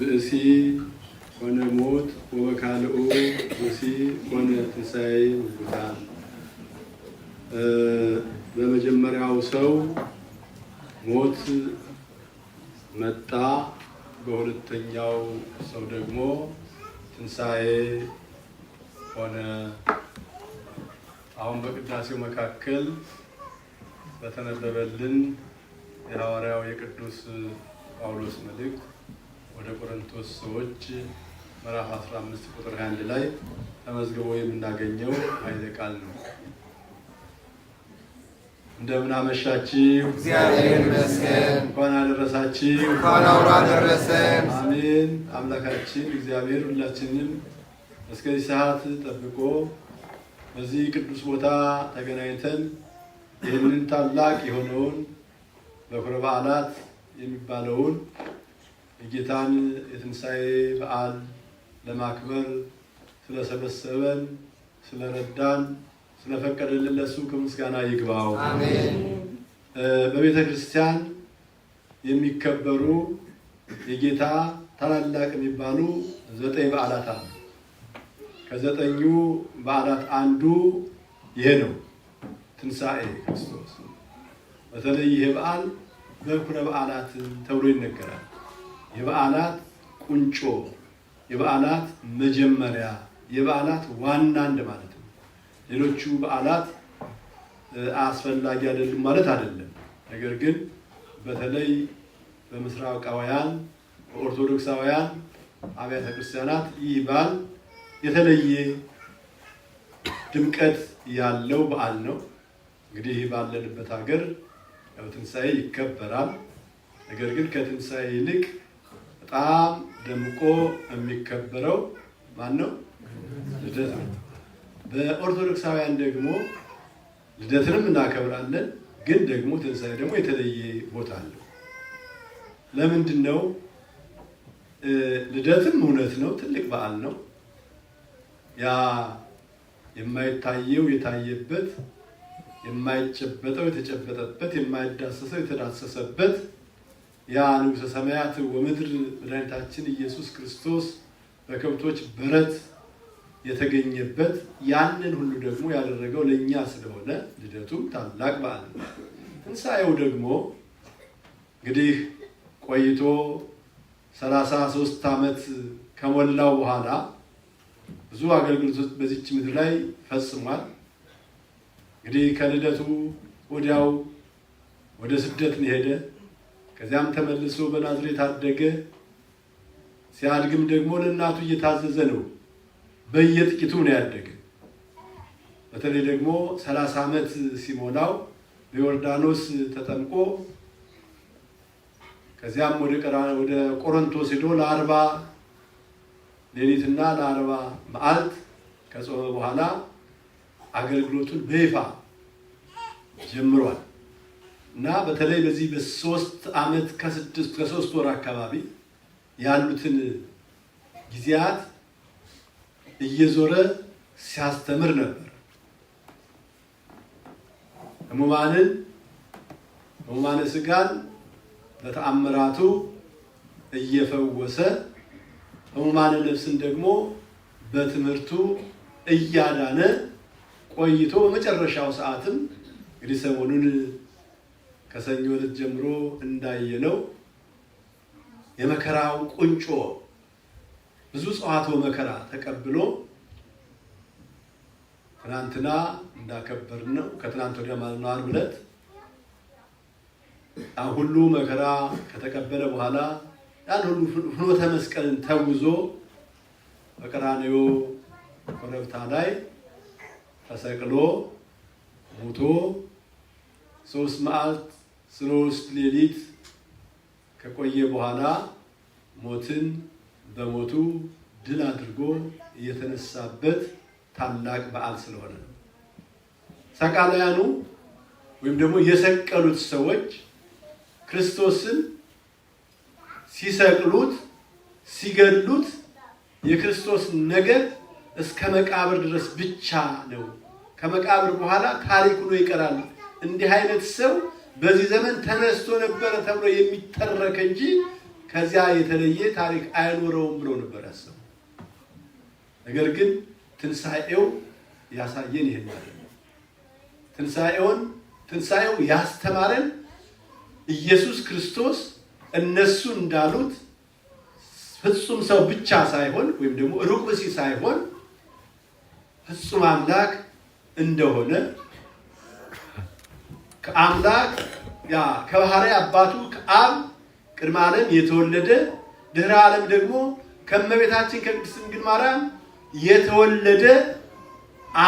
ብእሲ ኮነ ሞት ወበካልኡ ብእሲ ኮነ ትንሣኤ ሙታን። በመጀመሪያው ሰው ሞት መጣ፣ በሁለተኛው ሰው ደግሞ ትንሳኤ ሆነ። አሁን በቅዳሴው መካከል በተነበበልን የሐዋርያው የቅዱስ ጳውሎስ መልእክት ወደ ቆሮንቶስ ሰዎች ምዕራፍ 15 ቁጥር 21 ላይ ተመዝግቦ የምናገኘው ኃይለ ቃል ነው። እንደምን አመሻችሁ። እግዚአብሔር ይመስገን። እንኳን አደረሳችሁ። እንኳን አውራ አደረሰን። አሜን። አምላካችን እግዚአብሔር ሁላችንም እስከዚህ ሰዓት ጠብቆ በዚህ ቅዱስ ቦታ ተገናኝተን ይህንን ታላቅ የሆነውን በኩረ በዓላት የሚባለውን የጌታን የትንሣኤ በዓል ለማክበር ስለሰበሰበን፣ ስለረዳን፣ ስለፈቀደልን ለእሱ ከምስጋና ይግባው። በቤተ ክርስቲያን የሚከበሩ የጌታ ታላላቅ የሚባሉ ዘጠኝ በዓላት አሉ። ከዘጠኙ በዓላት አንዱ ይሄ ነው፣ ትንሣኤ ክርስቶስ። በተለይ ይሄ በዓል በኩረ በዓላት ተብሎ ይነገራል። የበዓላት ቁንጮ፣ የበዓላት መጀመሪያ፣ የበዓላት ዋና እንደ ማለት ነው። ሌሎቹ በዓላት አስፈላጊ አይደሉም ማለት አይደለም። ነገር ግን በተለይ በምስራቃውያን በኦርቶዶክሳውያን አብያተ ክርስቲያናት ይህ በዓል የተለየ ድምቀት ያለው በዓል ነው። እንግዲህ ባለንበት ሀገር ያው ትንሣኤ ይከበራል። ነገር ግን ከትንሣኤ ይልቅ በጣም ደምቆ የሚከበረው ማን ነው? ልደት ነው። በኦርቶዶክሳውያን ደግሞ ልደትንም እናከብራለን፣ ግን ደግሞ ትንሣኤ ደግሞ የተለየ ቦታ አለው። ለምንድን ነው? ልደትም እውነት ነው፣ ትልቅ በዓል ነው። ያ የማይታየው የታየበት፣ የማይጨበጠው የተጨበጠበት፣ የማይዳሰሰው የተዳሰሰበት ያ ንጉሠ ሰማያት ወምድር መድኃኒታችን ኢየሱስ ክርስቶስ በከብቶች በረት የተገኘበት ያንን ሁሉ ደግሞ ያደረገው ለእኛ ስለሆነ ልደቱ ታላቅ በዓል ነው። ትንሣኤው ደግሞ እንግዲህ ቆይቶ ሰላሳ ሦስት ዓመት ከሞላው በኋላ ብዙ አገልግሎቶች በዚች ምድር ላይ ፈጽሟል። እንግዲህ ከልደቱ ወዲያው ወደ ስደት ነው ሄደ። ከዚያም ተመልሶ በናዝሬት አደገ። ሲያድግም ደግሞ ለእናቱ እየታዘዘ ነው። በየጥቂቱ ነው ያደገ። በተለይ ደግሞ ሰላሳ ዓመት ሲሞላው በዮርዳኖስ ተጠምቆ ከዚያም ወደ ቆሮንቶስ ሄዶ ለአርባ ሌሊትና ለአርባ መዓልት ከጾመ በኋላ አገልግሎቱን በይፋ ጀምሯል። እና በተለይ በዚህ በሶስት ዓመት ከስድስት ከሶስት ወር አካባቢ ያሉትን ጊዜያት እየዞረ ሲያስተምር ነበር። ሕሙማንን ሕሙማነ ሥጋን በተአምራቱ እየፈወሰ ሕሙማነ ነፍስን ደግሞ በትምህርቱ እያዳነ ቆይቶ በመጨረሻው ሰዓትም እንግዲህ ሰሞኑን ከሰኞ ዕለት ጀምሮ እንዳየነው የመከራው ቁንጮ ብዙ ጸዋቶ መከራ ተቀብሎ ትናንትና እንዳከበርነው ከትናንት ወዲያ ማለት ነው ዓርብ ዕለት ያን ሁሉ መከራ ከተቀበለ በኋላ ያን ሁሉ ፍኖተ መስቀልን ተውዞ በቀራንዮ ኮረብታ ላይ ተሰቅሎ ሙቶ ሶስት መዓልት ጽኑዕ ሌሊት ከቆየ በኋላ ሞትን በሞቱ ድል አድርጎ የተነሳበት ታላቅ በዓል ስለሆነ ነው። ሰቃላያኑ ወይም ደግሞ የሰቀሉት ሰዎች ክርስቶስን ሲሰቅሉት፣ ሲገሉት የክርስቶስ ነገር እስከ መቃብር ድረስ ብቻ ነው። ከመቃብር በኋላ ታሪክ ሆኖ ይቀራል። እንዲህ አይነት ሰው በዚህ ዘመን ተነስቶ ነበረ ተብሎ የሚተረክ እንጂ ከዚያ የተለየ ታሪክ አይኖረውም ብሎ ነበር ያሰቡ። ነገር ግን ትንሣኤው ያሳየን ይሄን ማለት ነው። ትንሣኤውን ትንሣኤው ያስተማረን ኢየሱስ ክርስቶስ እነሱ እንዳሉት ፍጹም ሰው ብቻ ሳይሆን ወይም ደግሞ ሩቅ ብእሲ ሳይሆን ፍጹም አምላክ እንደሆነ ከአምላክ ያ አባቱ ከአብ ቅድመ ዓለም የተወለደ ድህረ ዓለም ደግሞ ከእመቤታችን ከቅድስት ድንግል ማርያም የተወለደ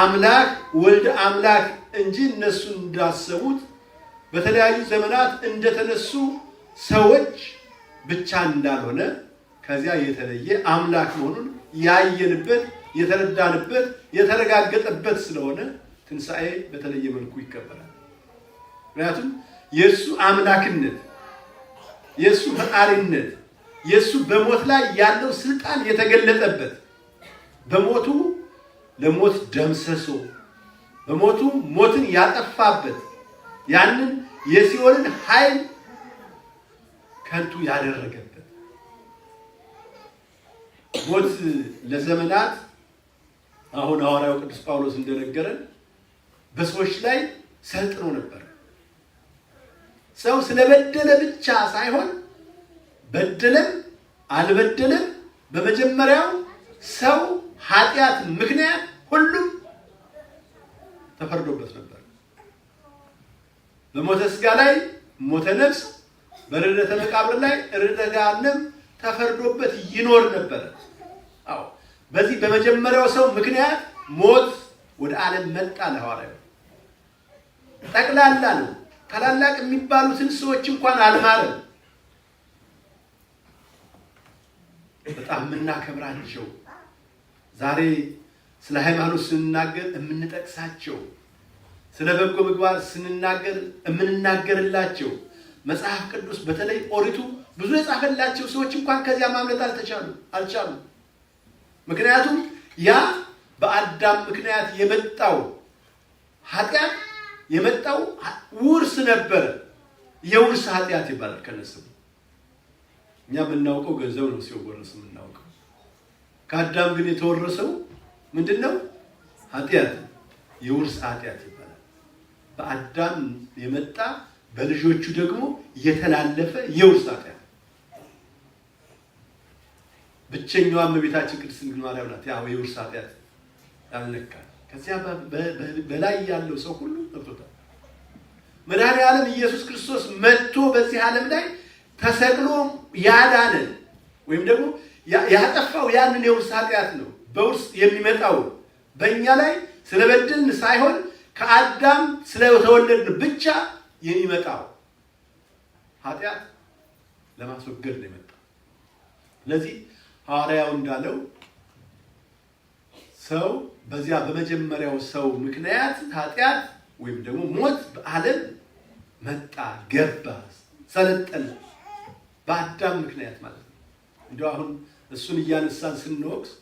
አምላክ ወልድ አምላክ እንጂ እነሱ እንዳሰቡት በተለያዩ ዘመናት እንደተነሱ ሰዎች ብቻ እንዳልሆነ ከዚያ የተለየ አምላክ መሆኑን ያየንበት የተረዳንበት የተረጋገጠበት ስለሆነ ትንሣኤ በተለየ መልኩ ይከበራል። ምክንያቱም የእሱ አምላክነት፣ የእሱ ፈጣሪነት፣ የእሱ በሞት ላይ ያለው ስልጣን የተገለጠበት በሞቱ ለሞት ደምሰሶ በሞቱ ሞትን ያጠፋበት ያንን የሲኦልን ኃይል ከንቱ ያደረገበት ሞት ለዘመናት አሁን ሐዋርያው ቅዱስ ጳውሎስ እንደነገረን በሰዎች ላይ ሰልጥኖ ነበር። ሰው ስለበደለ ብቻ ሳይሆን በደለም አልበደለም፣ በመጀመሪያው ሰው ኃጢአት ምክንያት ሁሉም ተፈርዶበት ነበር። በሞተ ስጋ ላይ ሞተ ነፍስ፣ በርደተ መቃብር ላይ ርደተ ገሃነም ተፈርዶበት ይኖር ነበር። አዎ በዚህ በመጀመሪያው ሰው ምክንያት ሞት ወደ ዓለም መጣ። ለሐዋርያው ጠቅላላ ነው። ታላላቅ የሚባሉትን ሰዎች እንኳን አልማለም። በጣም የምናከብራቸው ዛሬ ስለ ሃይማኖት ስንናገር የምንጠቅሳቸው፣ ስለ በጎ ምግባር ስንናገር የምንናገርላቸው መጽሐፍ ቅዱስ በተለይ ኦሪቱ ብዙ የጻፈላቸው ሰዎች እንኳን ከዚያ ማምለጥ አልተቻሉ አልቻሉም። ምክንያቱም ያ በአዳም ምክንያት የመጣው ኃጢአት የመጣው ውርስ ነበረ። የውርስ ኃጢአት ይባላል። ከነስሙ እኛ የምናውቀው ገንዘብ ነው ሲወረስ የምናውቀው። ከአዳም ግን የተወረሰው ምንድን ነው? ኃጢአት የውርስ ኃጢአት ይባላል። በአዳም የመጣ በልጆቹ ደግሞ የተላለፈ የውርስ ኃጢአት ብቸኛዋ እመቤታችን ቅድስት ድንግል ማርያም ናት። ያው የውርስ ኃጢአት ያልነካል ከዚያ በላይ ያለው ሰው ሁሉ ገብቶታል። መድኃኔ ዓለም ኢየሱስ ክርስቶስ መጥቶ በዚህ ዓለም ላይ ተሰቅሎ ያዳነ ወይም ደግሞ ያጠፋው ያንን የውርስ ኃጢአት ነው። በውርስ የሚመጣው በእኛ ላይ ስለበድን ሳይሆን ከአዳም ስለተወለድን ብቻ የሚመጣው ኃጢአት ለማስወገድ ነው የመጣው። ስለዚህ ሐዋርያው እንዳለው ሰው በዚያ በመጀመሪያው ሰው ምክንያት ኃጢአት ወይም ደግሞ ሞት በዓለም መጣ፣ ገባ፣ ሰለጠነ በአዳም ምክንያት ማለት ነው። እንዲ አሁን እሱን እያነሳን ስንወቅስ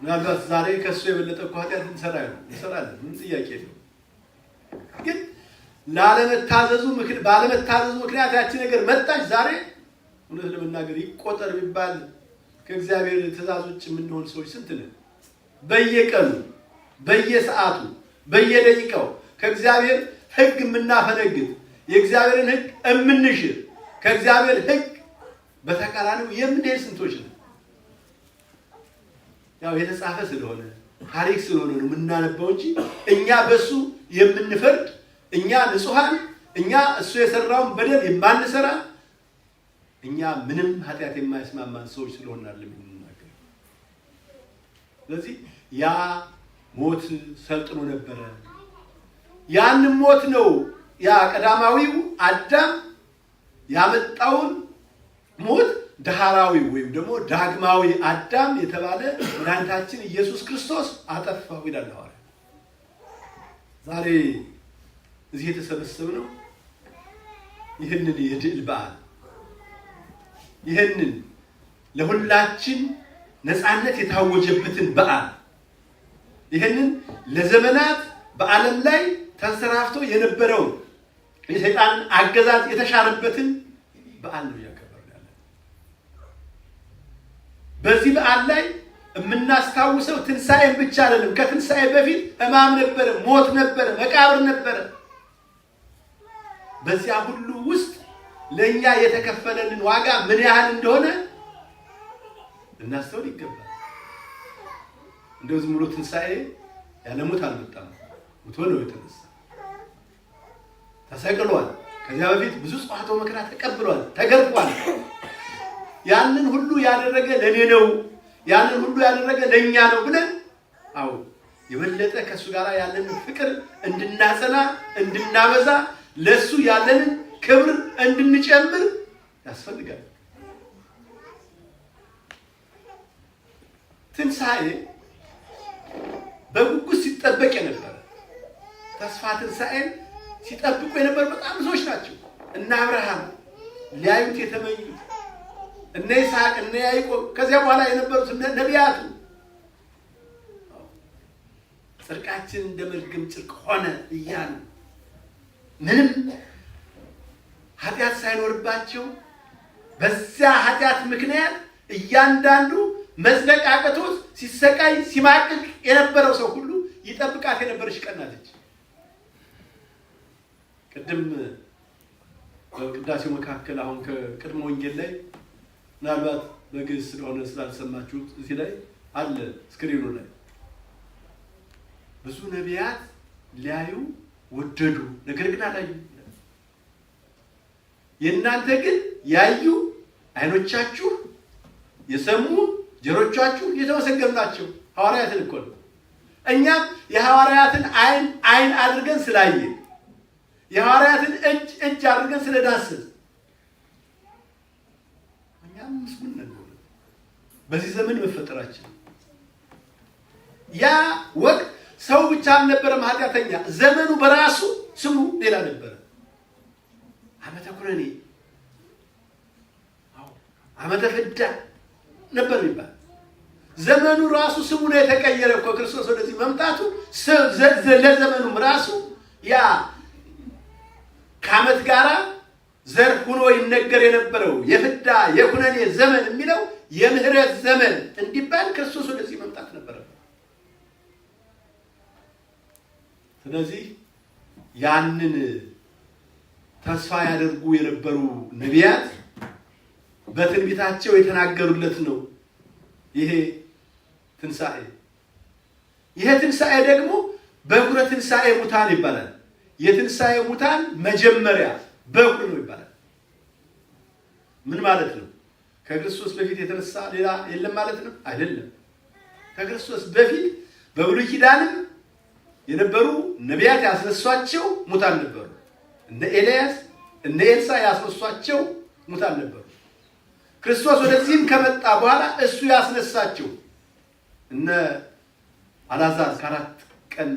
ምናልባት ዛሬ ከእሱ የበለጠ እኮ ኃጢአት እንሰራለን፣ ምን ጥያቄ ነው። ግን ላለመታዘዙ ባለመታዘዙ ምክንያት ያቺ ነገር መጣች። ዛሬ እውነት ለመናገር ይቆጠር ቢባል ከእግዚአብሔር ትእዛዝ ውጭ የምንሆን ሰዎች ስንት ነን? በየቀኑ በየሰዓቱ በየደቂቃው ከእግዚአብሔር ሕግ የምናፈነግጥ የእግዚአብሔርን ሕግ የምንሽር ከእግዚአብሔር ሕግ በተቃራኒው የምንሄድ ስንቶች ነው? ያው የተጻፈ ስለሆነ ታሪክ ስለሆነ ነው የምናነበው እንጂ እኛ በሱ የምንፈርድ እኛ ንጹሐን እኛ እሱ የሰራውን በደል የማንሰራ እኛ ምንም ኃጢአት የማይስማማን ሰዎች ስለሆናል የምንናገር ስለዚህ ያ ሞት ሰልጥኖ ነበረ። ያን ሞት ነው ያ ቀዳማዊው አዳም ያመጣውን ሞት ዳህራዊ ወይም ደግሞ ዳግማዊ አዳም የተባለ መድኃኒታችን ኢየሱስ ክርስቶስ አጠፋው ይላል ዛሬ እዚህ የተሰበሰብነው ይህንን የድል በዓል ይህንን ለሁላችን ነፃነት የታወጀበትን በዓል ይህንን ለዘመናት በዓለም ላይ ተንሰራፍቶ የነበረውን የሰይጣን አገዛዝ የተሻረበትን በዓል ነው እያከበርን ያለ። በዚህ በዓል ላይ የምናስታውሰው ትንሣኤን ብቻ አይደለም። ከትንሣኤ በፊት እማም ነበረ፣ ሞት ነበረ፣ መቃብር ነበረ። በዚያ ሁሉ ውስጥ ለእኛ የተከፈለልን ዋጋ ምን ያህል እንደሆነ እናስተውል ይገባል። እንደው ዝም ብሎ ትንሣኤ ያለ ሞት አልመጣም። ሙቶ ነው የተነሳ ተሰቅሏል። ከዚያ በፊት ብዙ ጽዋዕቶ መከራ ተቀብሏል፣ ተገርፏል። ያንን ሁሉ ያደረገ ለእኔ ነው፣ ያንን ሁሉ ያደረገ ለእኛ ነው ብለን አዎ የበለጠ ከእሱ ጋር ያለንን ፍቅር እንድናሰና እንድናበዛ ለእሱ ያለንን ክብር እንድንጨምር ያስፈልጋል ትንሣኤ ሲጠበቅ የነበረ ተስፋ ትንሣኤን ሲጠብቁ የነበሩ በጣም ብዙዎች ናቸው። እነ አብርሃም ሊያዩት የተመኙት እነ ይስሐቅ፣ እነ ያዕቆብ ከዚያ በኋላ የነበሩት ነቢያቱ ጽድቃችን እንደ መርግም ጭርቅ ሆነ እያሉ ምንም ኃጢአት ሳይኖርባቸው በዚያ ኃጢአት ምክንያት እያንዳንዱ መጽደቅ አቅቶት ሲሰቃይ ሲማቅቅ የነበረው ሰው ሁሉ ይጠብቃት የነበረች ቀን ናት። ቅድም በቅዳሴው መካከል አሁን ከቅድመ ወንጌል ላይ ምናልባት በግዕዝ ስለሆነ ስላልሰማችሁት እዚህ ላይ አለ ስክሪኑ ላይ ብዙ ነቢያት ሊያዩ ወደዱ፣ ነገር ግን አላዩ። የእናንተ ግን ያዩ አይኖቻችሁ፣ የሰሙ ጆሮቻችሁ የተመሰገኑ ናቸው። ሐዋርያትን እኮ ነው እኛም የሐዋርያትን አይን አይን አድርገን ስላየን፣ የሐዋርያትን እጅ እጅ አድርገን ስለዳስን እኛም ምስጉን ነገር በዚህ ዘመን መፈጠራችን ያ ወቅት ሰው ብቻ አልነበረም ኃጢአተኛ። ዘመኑ በራሱ ስሙ ሌላ ነበረ። ዓመተ ኩነኔ ዓመተ ፍዳ ነበር ይባል ዘመኑ ራሱ ስሙ ነው የተቀየረ እኮ ክርስቶስ ወደዚህ መምጣቱ ለዘመኑም ራሱ ያ ከዓመት ጋራ ዘር ሁኖ ይነገር የነበረው የፍዳ የኩነኔ ዘመን የሚለው የምህረት ዘመን እንዲባል ክርስቶስ ወደዚህ መምጣት ነበረ። ስለዚህ ያንን ተስፋ ያደርጉ የነበሩ ነቢያት በትንቢታቸው የተናገሩለት ነው ይሄ ትንሣኤ። ይሄ ትንሣኤ ደግሞ በኩረ ትንሣኤ ሙታን ይባላል። የትንሣኤ ሙታን መጀመሪያ በኩር ነው ይባላል። ምን ማለት ነው? ከክርስቶስ በፊት የተነሳ ሌላ የለም ማለት ነው አይደለም። ከክርስቶስ በፊት በብሉይ ኪዳንም የነበሩ ነቢያት ያስነሷቸው ሙታን ነበሩ። እነ ኤልያስ እነ ኤልሳ ያስነሷቸው ሙታን ነበሩ። ክርስቶስ ወደዚህም ከመጣ በኋላ እሱ ያስነሳቸው እነ አላዛር ከአራት ቀን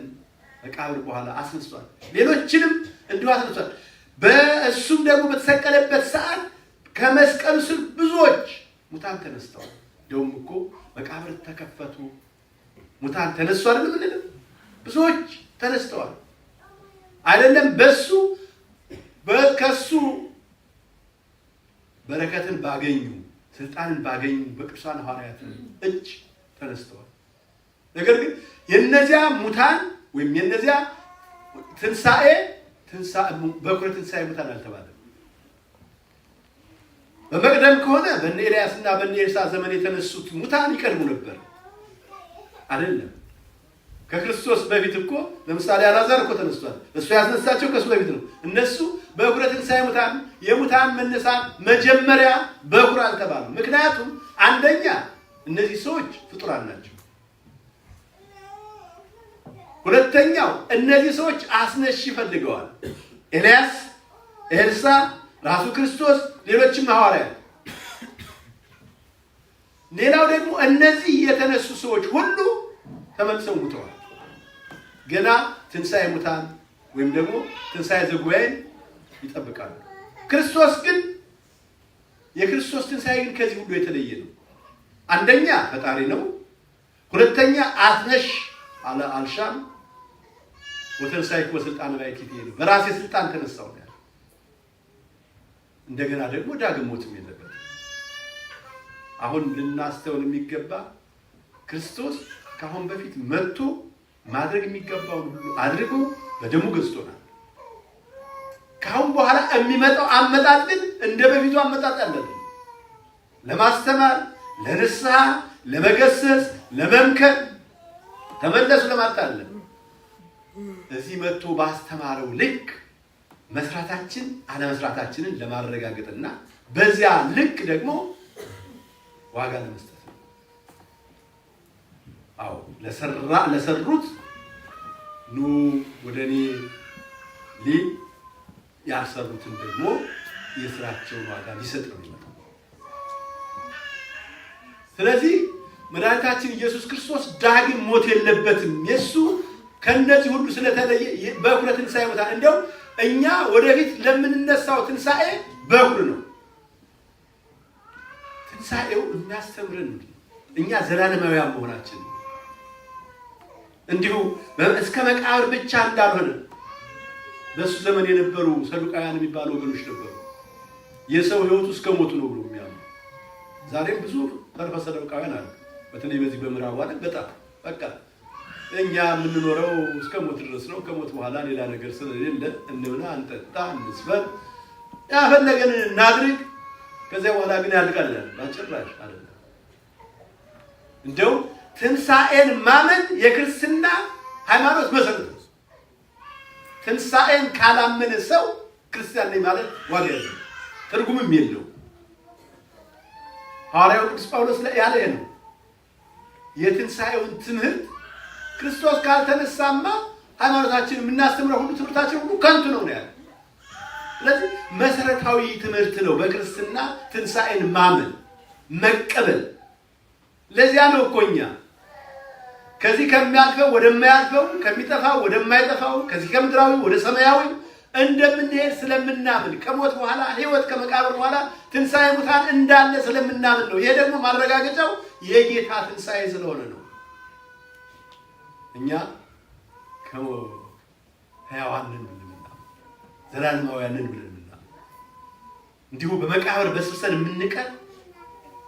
መቃብር በኋላ አስነሷል። ሌሎችንም እንዲሁ አስነሷል። በእሱም ደግሞ በተሰቀለበት ሰዓት ከመስቀሉ ስር ብዙዎች ሙታን ተነስተዋል። እንደውም እኮ መቃብር ተከፈቱ፣ ሙታን ተነሷል ምንልም ብዙዎች ተነስተዋል አይደለም። በሱ በከሱ በረከትን ባገኙ ስልጣንን ባገኙ በቅዱሳን ሐዋርያት እጅ ተነስተዋል። ነገር ግን የእነዚያ ሙታን ወይም የነዚያ ትንሣኤ በኩረ ትንሣኤ ሙታን አልተባለም። በመቅደም ከሆነ በእነ ኤልያስና በነ ኤልሳዕ ዘመን የተነሱት ሙታን ይቀድሙ ነበር አይደለም። ከክርስቶስ በፊት እኮ ለምሳሌ አላዛር እኮ ተነስቷል። እሱ ያስነሳቸው ከእሱ በፊት ነው። እነሱ በኩረ ትንሣኤ ሙታን የሙታን መነሳት መጀመሪያ በኩር አልተባሉ። ምክንያቱም አንደኛ እነዚህ ሰዎች ፍጡራን ናቸው። ሁለተኛው እነዚህ ሰዎች አስነሽ ይፈልገዋል። ኤልያስ፣ ኤልሳ፣ ራሱ ክርስቶስ፣ ሌሎችም ሐዋርያት። ሌላው ደግሞ እነዚህ የተነሱ ሰዎች ሁሉ ተመልሰው ሙተዋል። ገና ትንሣኤ ሙታን ወይም ደግሞ ትንሣኤ ዘጉባኤን ይጠብቃሉ። ክርስቶስ ግን የክርስቶስ ትንሣኤ ግን ከዚህ ሁሉ የተለየ ነው። አንደኛ ፈጣሪ ነው። ሁለተኛ አትነሽ አለ አልሻም ወተንሳይኩ በስልጣን ላይ ኪቴ በራሴ ስልጣን ተነሳው ነው ያለው። እንደገና ደግሞ ዳግም ሞትም የለበትም። አሁን ልናስተውን የሚገባ ክርስቶስ ከአሁን በፊት መጥቶ ማድረግ የሚገባውን ሁሉ አድርጎ በደሙ ገዝቶናል። ከአሁን በኋላ የሚመጣው አመጣጥ ግን እንደ በፊቱ አመጣጥ አለብን ለማስተማር ለንስሐ፣ ለመገሰስ ለመምከር ተመለሱ ለማለት አለ። እዚህ መጥቶ ባስተማረው ልክ መስራታችን አለመስራታችንን ለማረጋገጥና በዚያ ልክ ደግሞ ዋጋ ለመስጠት ነው። አዎ ለሰሩት ኑ ወደ እኔ ሊ ያልሰሩትን ደግሞ የስራቸውን ዋጋ ሊሰጥ ነው። ስለዚህ መድኃኒታችን ኢየሱስ ክርስቶስ ዳግም ሞት የለበትም። የእሱ ከእነዚህ ሁሉ ስለተለየ በኩረ ትንሣኤ ሞታል እንዲያው እኛ ወደፊት ለምንነሳው ትንሣኤ በኩር ነው። ትንሣኤው የሚያስተምርን እኛ ዘላለማውያን መሆናችን እንዲሁ እስከ መቃብር ብቻ እንዳልሆነ በእሱ ዘመን የነበሩ ሰዱቃውያን የሚባሉ ወገኖች ነበሩ። የሰው ህይወቱ እስከ ሞቱ ነው ብሎ ዛሬም ብዙ መንፈሰ ደምቃውያን አሉ። በተለይ በዚህ በምዕራቡ ዓለም በጣም በቃ እኛ የምንኖረው እስከ ሞት ድረስ ነው። ከሞት በኋላ ሌላ ነገር ስለሌለ እንብላ፣ እንጠጣ፣ እንስፈር፣ ያፈለገን እናድርግ። ከዚያ በኋላ ግን ያልቃል። በጭራሽ አይደለም። እንደው ትንሣኤን ማመን የክርስትና ሃይማኖት መሰረት ነው። ትንሣኤን ካላመነ ሰው ክርስቲያን ነኝ ማለት ዋጋ ያለው ትርጉምም የለው። ሐዋርያው ቅዱስ ጳውሎስ ያለ ነው። የትንሣኤውን ትምህርት ክርስቶስ ካልተነሳማ ሃይማኖታችን የምናስተምረው ሁሉ ትምህርታችን ሁሉ ከንቱ ነው ያለ። ስለዚህ መሰረታዊ ትምህርት ነው በክርስትና ትንሣኤን ማመን መቀበል። ለዚያ ነው እኮ እኛ ከዚህ ከሚያልፈው ወደማያልፈው ከሚጠፋው ወደማይጠፋው ከዚህ ከምድራዊ ወደ ሰማያዊ እንደምንሄድ ስለምናምን ከሞት በኋላ ህይወት ከመቃብር በኋላ ትንሣኤ ሙታን እንዳለ ስለምናምን ነው። ይሄ ደግሞ ማረጋገጫው የጌታ ትንሣኤ ስለሆነ ነው። እኛ ሕያዋንን ብልምና ዘላለማውያንን ብልምና እንዲሁ በመቃብር በስብሰን የምንቀር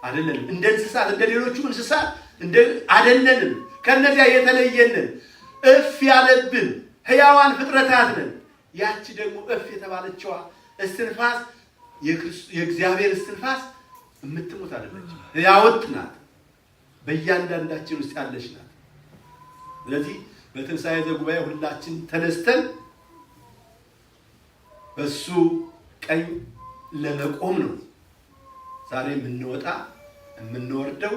አደለንም። እንደ እንስሳት እንደ ሌሎቹ እንስሳት አደለንም። ከእነዚያ የተለየንን እፍ ያለብን ሕያዋን ፍጥረታት ነን። ያቺ ደግሞ እፍ የተባለችዋ እስትንፋስ የእግዚአብሔር እስትንፋስ የምትሞት አይደለች፣ ሕያዊት ናት። በእያንዳንዳችን ውስጥ ያለች ናት። ስለዚህ በትንሣኤ ዘጉባኤ ሁላችን ተነስተን በሱ ቀኝ ለመቆም ነው ዛሬ የምንወጣ የምንወርደው፣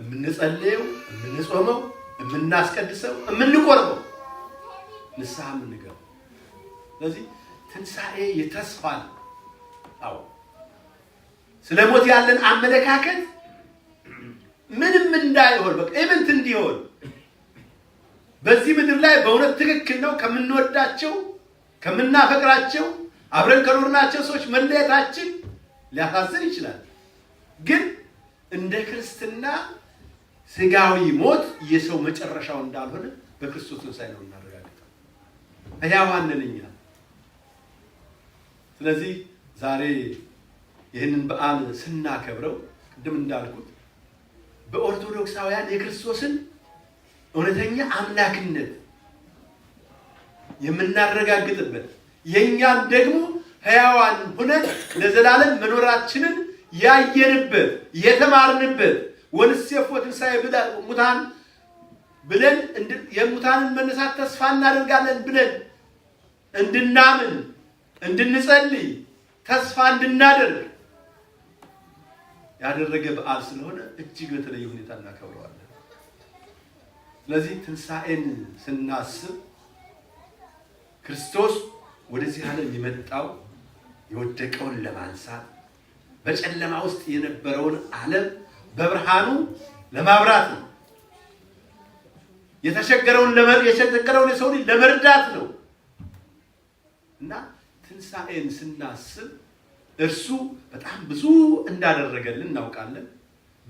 የምንጸልየው፣ የምንጾመው፣ የምናስቀድሰው፣ የምንቆርበው፣ ንስሐ የምንገባው ስለዚህ ትንሣኤ የተስፋ ነው። አዎ ስለ ሞት ያለን አመለካከት ምንም እንዳይሆን በቃ ኢምንት እንዲሆን በዚህ ምድር ላይ በእውነት ትክክል ነው። ከምንወዳቸው ከምናፈቅራቸው አብረን ከኖርናቸው ሰዎች መለየታችን ሊያሳዝን ይችላል። ግን እንደ ክርስትና ስጋዊ ሞት የሰው መጨረሻው እንዳልሆነ በክርስቶስ ትንሣኤ ነው እናረጋግጠው። ሕያዋን እኛ ስለዚህ ዛሬ ይህንን በዓል ስናከብረው ቅድም እንዳልኩት በኦርቶዶክሳውያን የክርስቶስን እውነተኛ አምላክነት የምናረጋግጥበት የእኛን ደግሞ ሕያዋን ሁነት ለዘላለም መኖራችንን ያየንበት የተማርንበት ወንሴፎ ትንሣኤ ሙታን ብለን የሙታንን መነሳት ተስፋ እናደርጋለን ብለን እንድናምን እንድንጸልይ ተስፋ እንድናደርግ ያደረገ በዓል ስለሆነ እጅግ በተለየ ሁኔታ እናከብረዋለን። ስለዚህ ትንሣኤን ስናስብ ክርስቶስ ወደዚህ ዓለም የመጣው የወደቀውን ለማንሳት በጨለማ ውስጥ የነበረውን ዓለም በብርሃኑ ለማብራት ነው። የተቸገረውን የሰው ልጅ ለመርዳት ነው። ትንሣኤን ስናስብ እርሱ በጣም ብዙ እንዳደረገልን እናውቃለን።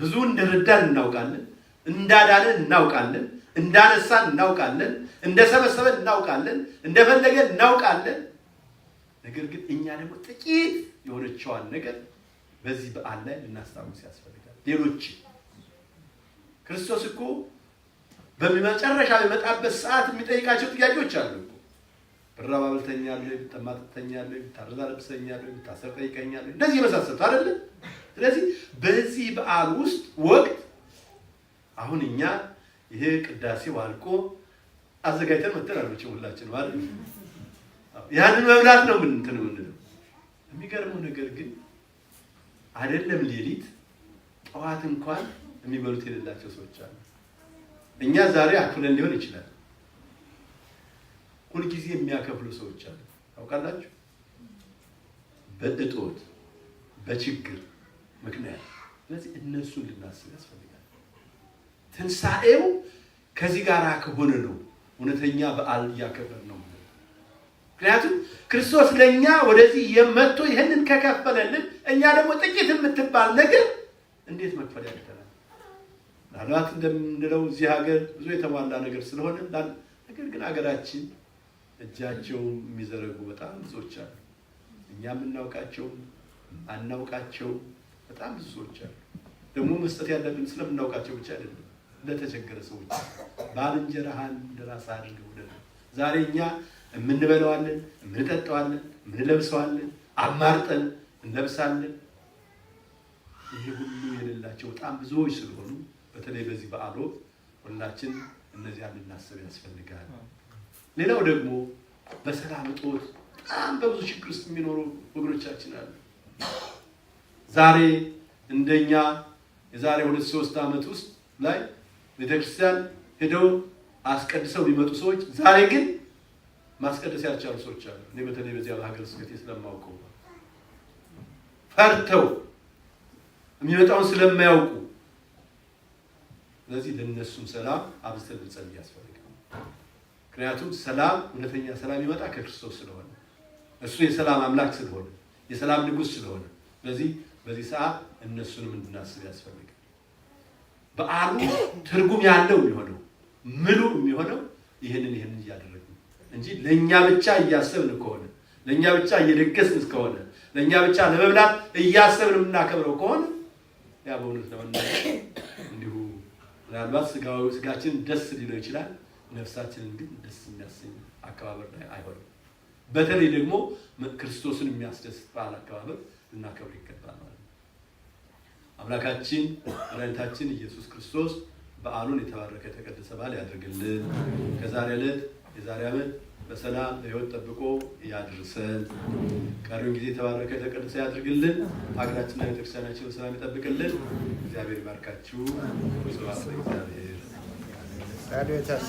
ብዙ እንደረዳን እናውቃለን። እንዳዳንን እናውቃለን። እንዳነሳን እናውቃለን። እንደሰበሰበን እናውቃለን። እንደፈለገን እናውቃለን። ነገር ግን እኛ ደግሞ ጥቂት የሆነችዋን ነገር በዚህ በዓል ላይ ልናስታውስ ያስፈልጋል። ሌሎች ክርስቶስ እኮ በመጨረሻ በመጣበት ሰዓት የሚጠይቃቸው ጥያቄዎች አሉ እኮ ብራብ አብልተኛለህ፣ ብጠማ አጠጥተኛለህ፣ ብታረዛ አልብሰኛለህ፣ ብታሰር ጠይቀኛለህ፣ እንደዚህ የመሳሰሉት አይደለም። ስለዚህ በዚህ በዓል ውስጥ ወቅት አሁን እኛ ይሄ ቅዳሴው አልቆ አዘጋጅተን መተናል ብቻ ሁላችን ማለት ያንን መብላት ነው ምን እንትን የምንለው። የሚገርመው ነገር ግን አይደለም ሌሊት ጠዋት እንኳን የሚበሉት የሌላቸው ሰዎች አሉ። እኛ ዛሬ አክለን ሊሆን ይችላል ሁልጊዜ የሚያከፍሉ ሰዎች አሉ። ታውቃላችሁ፣ በእጦት በችግር ምክንያት። ስለዚህ እነሱን ልናስብ ያስፈልጋል። ትንሣኤው ከዚህ ጋር ከሆነ ነው እውነተኛ በዓል እያከበር ነው። ምክንያቱም ክርስቶስ ለእኛ ወደዚህ የመጥቶ ይህንን ከከፈለልን እኛ ደግሞ ጥቂት የምትባል ነገር እንዴት መክፈል ያደረናል? ምናልባት እንደምንለው እዚህ ሀገር ብዙ የተሟላ ነገር ስለሆነ ነገር ግን ሀገራችን እጃቸውን የሚዘረጉ በጣም ብዙዎች አሉ። እኛ የምናውቃቸው አናውቃቸው በጣም ብዙ ሰዎች አሉ። ደግሞ መስጠት ያለብን ስለምናውቃቸው ብቻ አይደለም፣ ለተቸገረ ሰዎች ባልንጀራህን እንደራስህ አድርገህ ውደድ። ዛሬ እኛ የምንበለዋለን፣ የምንጠጠዋለን፣ የምንለብሰዋለን፣ አማርጠን እንለብሳለን። ይሄ ሁሉ የሌላቸው በጣም ብዙዎች ስለሆኑ በተለይ በዚህ በዓል ወቅት ሁላችን እነዚያን ልናስብ ያስፈልጋል። ሌላው ደግሞ በሰላም እጦት በጣም በብዙ ችግር ውስጥ የሚኖሩ ወገኖቻችን አሉ። ዛሬ እንደኛ የዛሬ ሁለት ሶስት ዓመት ውስጥ ላይ ቤተክርስቲያን ሄደው አስቀድሰው የሚመጡ ሰዎች፣ ዛሬ ግን ማስቀደስ ያልቻሉ ሰዎች አሉ። እኔ በተለይ በዚያ ሀገረ ስገቴ ስለማውቀው ፈርተው የሚመጣውን ስለማያውቁ፣ ስለዚህ ለእነሱም ሰላም አብዝተን ልንጸልይ ያስፈልጋል። ምክንያቱም ሰላም እውነተኛ ሰላም ይመጣ ከክርስቶስ ስለሆነ እሱ የሰላም አምላክ ስለሆነ የሰላም ንጉሥ ስለሆነ በዚህ በዚህ ሰዓት እነሱንም እንድናስብ ያስፈልጋል። በዓሉ ትርጉም ያለው የሚሆነው ምሉ የሚሆነው ይህንን ይህንን እያደረግን እንጂ ለእኛ ብቻ እያሰብን ከሆነ ለእኛ ብቻ እየደገስን ከሆነ ለእኛ ብቻ ለመብላት እያሰብን የምናከብረው ከሆነ ያ በእውነት ለመና እንዲሁ ምናልባት ስጋችን ደስ ሊለው ይችላል ነፍሳችንን ግን ደስ የሚያሰኝ አከባበር ላይ አይሆንም። በተለይ ደግሞ ክርስቶስን የሚያስደስት በዓል አከባበር ልናከብር ይገባል ማለት ነው። አምላካችን መድኃኒታችን ኢየሱስ ክርስቶስ በዓሉን የተባረከ የተቀደሰ በዓል ያድርግልን። ከዛሬ ዕለት የዛሬ ዓመት በሰላም በሕይወት ጠብቆ ያድርሰን። ቀሪውን ጊዜ የተባረከ የተቀደሰ ያድርግልን። ሀገራችንና ቤተክርስቲያናችን በሰላም ይጠብቅልን። እግዚአብሔር ይባርካችሁ። ስብሐት ለእግዚአብሔር።